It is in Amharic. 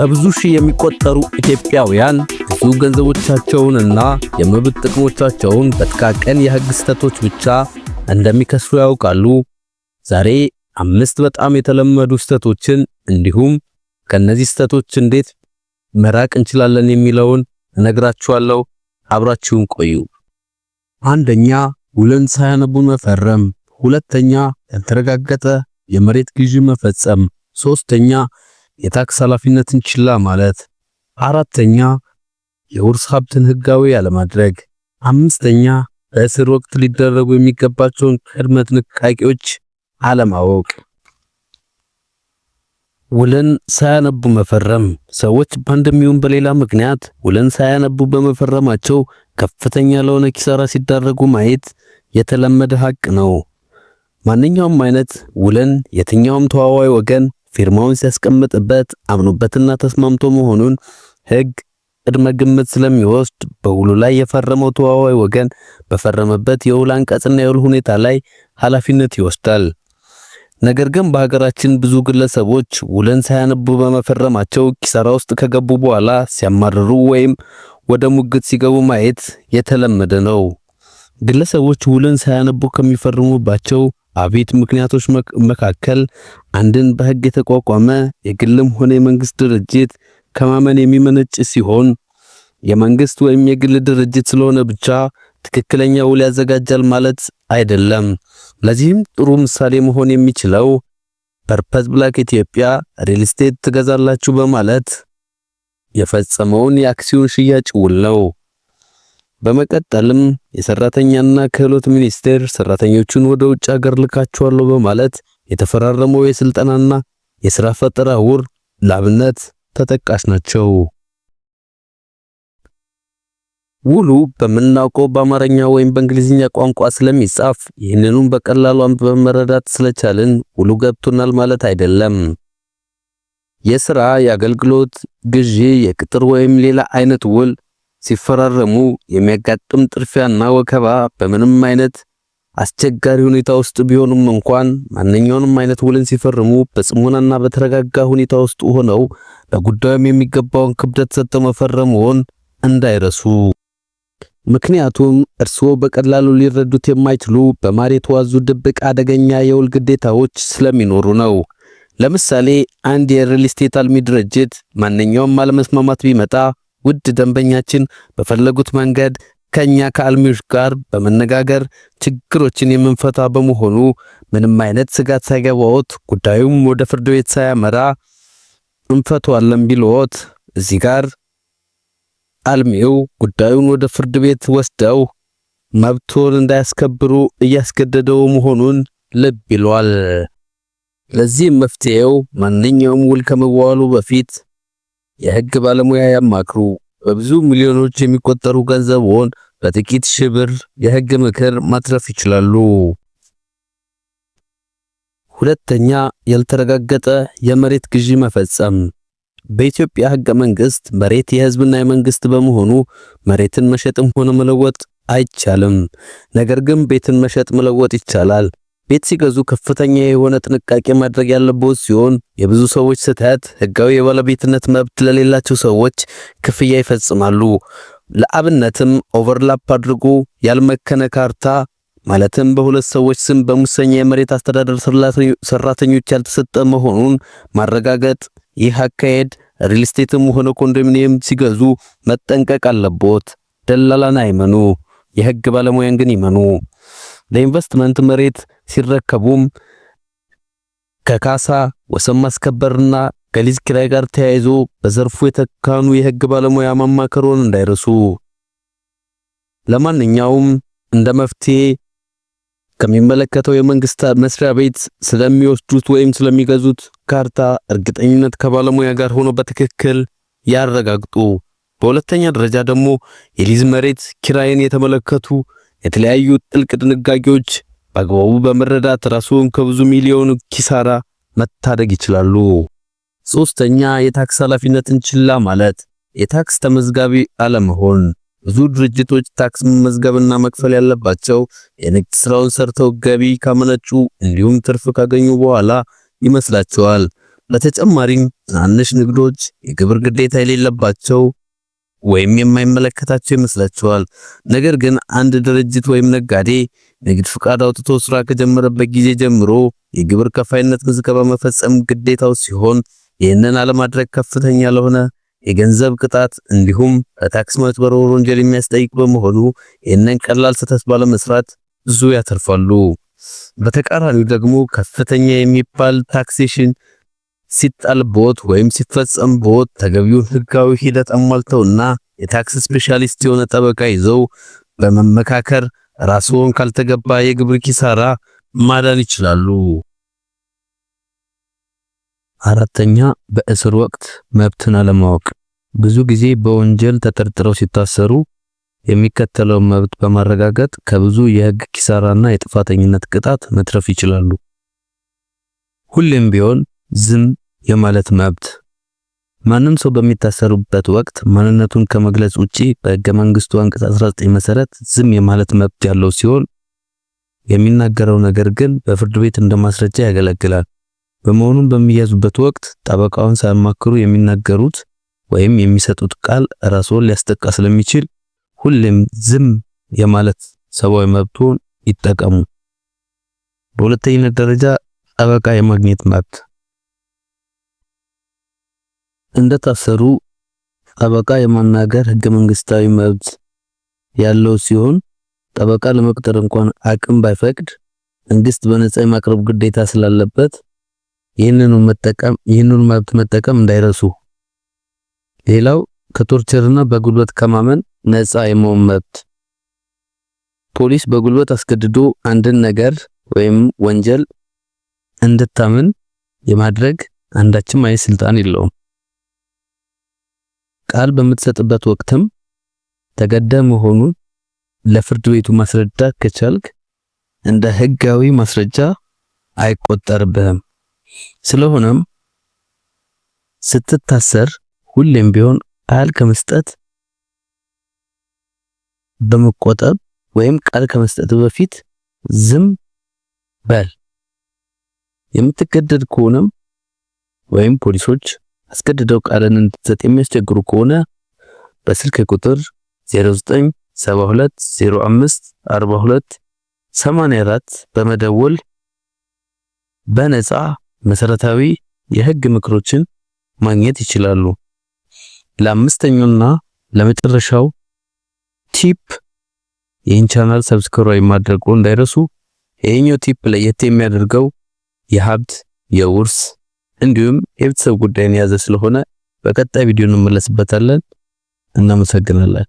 በብዙ ሺህ የሚቆጠሩ ኢትዮጵያውያን ብዙ ገንዘቦቻቸውንና የመብት ጥቅሞቻቸውን በጥቃቅን የህግ ስህተቶች ብቻ እንደሚከስሩ ያውቃሉ። ዛሬ አምስት በጣም የተለመዱ ስህተቶችን እንዲሁም ከነዚህ ስህተቶች እንዴት መራቅ እንችላለን የሚለውን እነግራችኋለሁ። አብራችሁን ቆዩ። አንደኛ፣ ውልን ሳያነቡን መፈረም። ሁለተኛ፣ ያልተረጋገጠ የመሬት ግዢ መፈጸም። ሶስተኛ፣ የታክስ ኃላፊነትን ችላ ማለት፣ አራተኛ የውርስ ሀብትን ህጋዊ ያለማድረግ፣ አምስተኛ በእስር ወቅት ሊደረጉ የሚገባቸውን ቅድመ ጥንቃቄዎች አለማወቅ። ውልን ሳያነቡ መፈረም። ሰዎች በአንድም ይሁን በሌላ ምክንያት ውልን ሳያነቡ በመፈረማቸው ከፍተኛ ለሆነ ኪሳራ ሲዳረጉ ማየት የተለመደ ሀቅ ነው። ማንኛውም አይነት ውልን የትኛውም ተዋዋይ ወገን ፊርማውን ሲያስቀምጥበት አምኖበትና ተስማምቶ መሆኑን ሕግ ቅድመ ግምት ስለሚወስድ በውሉ ላይ የፈረመው ተዋዋይ ወገን በፈረመበት የውል አንቀጽና የውል ሁኔታ ላይ ኃላፊነት ይወስዳል። ነገር ግን በሀገራችን ብዙ ግለሰቦች ውልን ሳያነቡ በመፈረማቸው ኪሳራ ውስጥ ከገቡ በኋላ ሲያማርሩ ወይም ወደ ሙግት ሲገቡ ማየት የተለመደ ነው። ግለሰቦች ውልን ሳያነቡ ከሚፈርሙባቸው አቤት ምክንያቶች መካከል አንድን በሕግ የተቋቋመ የግልም ሆነ የመንግስት ድርጅት ከማመን የሚመነጭ ሲሆን የመንግስት ወይም የግል ድርጅት ስለሆነ ብቻ ትክክለኛ ውል ያዘጋጃል ማለት አይደለም። ለዚህም ጥሩ ምሳሌ መሆን የሚችለው ፐርፐዝ ብላክ ኢትዮጵያ ሪል ስቴት ትገዛላችሁ በማለት የፈጸመውን የአክሲዮን ሽያጭ ውል ነው። በመቀጠልም የሰራተኛና ክህሎት ሚኒስቴር ሰራተኞቹን ወደ ውጭ ሀገር ልካቸዋለሁ በማለት የተፈራረመው የስልጠናና የሥራ ፈጠራ ውር ላብነት ተጠቃሽ ናቸው። ውሉ በምናውቀው በአማርኛ ወይም በእንግሊዝኛ ቋንቋ ስለሚጻፍ ይህንኑም በቀላሉ አንብበን መረዳት ስለቻልን ውሉ ገብቶናል ማለት አይደለም። የሥራ፣ የአገልግሎት፣ ግዢ፣ የቅጥር ወይም ሌላ አይነት ውል ሲፈራረሙ የሚያጋጥም ጥርፊያና ወከባ በምንም አይነት አስቸጋሪ ሁኔታ ውስጥ ቢሆኑም እንኳን ማንኛውንም አይነት ውልን ሲፈርሙ በጽሙናና በተረጋጋ ሁኔታ ውስጥ ሆነው ለጉዳዩም የሚገባውን ክብደት ሰጥተው መፈረሙን እንዳይረሱ። ምክንያቱም እርስዎ በቀላሉ ሊረዱት የማይችሉ በማር የተዋዙ ድብቅ አደገኛ የውል ግዴታዎች ስለሚኖሩ ነው። ለምሳሌ አንድ የሪል ስቴት አልሚ ድርጅት ማንኛውም አለመስማማት ቢመጣ ውድ ደንበኛችን በፈለጉት መንገድ ከኛ ከአልሚዎች ጋር በመነጋገር ችግሮችን የምንፈታ በመሆኑ ምንም አይነት ስጋት ሳይገባዎት ጉዳዩም ወደ ፍርድ ቤት ሳያመራ እንፈቷለን ቢልዎት እዚህ ጋር አልሚው ጉዳዩን ወደ ፍርድ ቤት ወስደው መብቶን እንዳያስከብሩ እያስገደደው መሆኑን ልብ ይሏል። ለዚህም መፍትሄው ማንኛውም ውል ከመዋሉ በፊት የህግ ባለሙያ ያማክሩ። በብዙ ሚሊዮኖች የሚቆጠሩ ገንዘብዎን በጥቂት ሺህ ብር የህግ ምክር ማትረፍ ይችላሉ። ሁለተኛ፣ ያልተረጋገጠ የመሬት ግዢ መፈጸም። በኢትዮጵያ ህገ መንግስት መሬት የህዝብና የመንግስት በመሆኑ መሬትን መሸጥም ሆነ መለወጥ አይቻልም። ነገር ግን ቤትን መሸጥ መለወጥ ይቻላል። ቤት ሲገዙ ከፍተኛ የሆነ ጥንቃቄ ማድረግ ያለበት ሲሆን የብዙ ሰዎች ስህተት ህጋዊ የባለቤትነት መብት ለሌላቸው ሰዎች ክፍያ ይፈጽማሉ። ለአብነትም ኦቨርላፕ አድርጎ ያልመከነ ካርታ ማለትም በሁለት ሰዎች ስም በሙሰኛ የመሬት አስተዳደር ሰራተኞች ያልተሰጠ መሆኑን ማረጋገጥ። ይህ አካሄድ ሪል ስቴትም ሆነ ኮንዶሚኒየም ሲገዙ መጠንቀቅ አለቦት። ደላላን አይመኑ፣ የህግ ባለሙያን ግን ይመኑ። ለኢንቨስትመንት መሬት ሲረከቡም ከካሳ ወሰን ማስከበርና ከሊዝ ኪራይ ጋር ተያይዞ በዘርፉ የተካኑ የህግ ባለሙያ ማማከሩን እንዳይረሱ። ለማንኛውም እንደ መፍትሄ ከሚመለከተው የመንግስት መስሪያ ቤት ስለሚወስዱት ወይም ስለሚገዙት ካርታ እርግጠኝነት ከባለሙያ ጋር ሆኖ በትክክል ያረጋግጡ። በሁለተኛ ደረጃ ደግሞ የሊዝ መሬት ኪራይን የተመለከቱ የተለያዩ ጥልቅ ድንጋጌዎች በአግባቡ በመረዳት ራስዎን ከብዙ ሚሊዮን ኪሳራ መታደግ ይችላሉ። ሶስተኛ የታክስ ኃላፊነትን ችላ ማለት የታክስ ተመዝጋቢ አለመሆን። ብዙ ድርጅቶች ታክስ መመዝገብና መክፈል ያለባቸው የንግድ ስራውን ሰርተው ገቢ ካመነጩ እንዲሁም ትርፍ ካገኙ በኋላ ይመስላቸዋል። በተጨማሪም ትናንሽ ንግዶች የግብር ግዴታ የሌለባቸው ወይም የማይመለከታቸው ይመስላቸዋል። ነገር ግን አንድ ድርጅት ወይም ነጋዴ ንግድ ፍቃድ አውጥቶ ስራ ከጀመረበት ጊዜ ጀምሮ የግብር ከፋይነት ምዝገባ መፈጸም ግዴታው ሲሆን ይህንን አለማድረግ ከፍተኛ ለሆነ የገንዘብ ቅጣት እንዲሁም በታክስ ማጭበርበር ወንጀል የሚያስጠይቅ በመሆኑ ይህንን ቀላል ስህተት ባለመስራት ብዙ ያተርፋሉ። በተቃራኒው ደግሞ ከፍተኛ የሚባል ታክሴሽን ሲጣልቦት ወይም ሲፈጸምቦት ተገቢውን ህጋዊ ሂደት አሟልተውና የታክስ ስፔሻሊስት የሆነ ጠበቃ ይዘው በመመካከር ራስዎን ካልተገባ የግብር ኪሳራ ማዳን ይችላሉ። አራተኛ በእስር ወቅት መብትን አለማወቅ። ብዙ ጊዜ በወንጀል ተጠርጥረው ሲታሰሩ የሚከተለውን መብት በማረጋገጥ ከብዙ የህግ ኪሳራና የጥፋተኝነት ቅጣት መትረፍ ይችላሉ። ሁሌም ቢሆን ዝም የማለት መብት ማንም ሰው በሚታሰሩበት ወቅት ማንነቱን ከመግለጽ ውጪ በሕገ መንግስቱ አንቀጽ 19 መሰረት ዝም የማለት መብት ያለው ሲሆን የሚናገረው ነገር ግን በፍርድ ቤት እንደማስረጃ ያገለግላል። በመሆኑም በሚያዙበት ወቅት ጠበቃውን ሳያማክሩ የሚናገሩት ወይም የሚሰጡት ቃል ራስዎን ሊያስጠቃ ስለሚችል ሁሌም ዝም የማለት ሰብአዊ መብቶን ይጠቀሙ። በሁለተኛነት ደረጃ ጠበቃ የማግኘት መብት እንደታሰሩ ጠበቃ የማናገር ህገ መንግስታዊ መብት ያለው ሲሆን ጠበቃ ለመቅጠር እንኳን አቅም ባይፈቅድ መንግስት በነጻ የማቅረብ ግዴታ ስላለበት ይህንኑ መጠቀም ይህንኑ መብት መጠቀም እንዳይረሱ። ሌላው ከቶርቸርና በጉልበት ከማመን ነጻ የመሆን መብት። ፖሊስ በጉልበት አስገድዶ አንድን ነገር ወይም ወንጀል እንድታምን የማድረግ አንዳችም አይ ስልጣን የለውም። ቃል በምትሰጥበት ወቅትም ተገደ መሆኑን ለፍርድ ቤቱ ማስረዳት ከቻልክ እንደ ህጋዊ ማስረጃ አይቆጠርብህም። ስለሆነም ስትታሰር ሁሌም ቢሆን ቃል ከመስጠት በመቆጠብ ወይም ቃል ከመስጠት በፊት ዝም በል። የምትገደድ ከሆነም ወይም ፖሊሶች አስገድደው ቃልን እንድትሰጥ የሚያስቸግሩ ከሆነ በስልክ ቁጥር 0972054284 በመደወል በነፃ መሰረታዊ የህግ ምክሮችን ማግኘት ይችላሉ። ለአምስተኛውና ለመጨረሻው ቲፕ ይህን ቻናል ሰብስክራይብ ማድረጉ እንዳይረሱ። ይህኛው ቲፕ ለየት የሚያደርገው የሀብት የውርስ እንዲሁም የቤተሰብ ጉዳይን የያዘ ስለሆነ በቀጣይ ቪዲዮ እንመለስበታለን። እናመሰግናለን።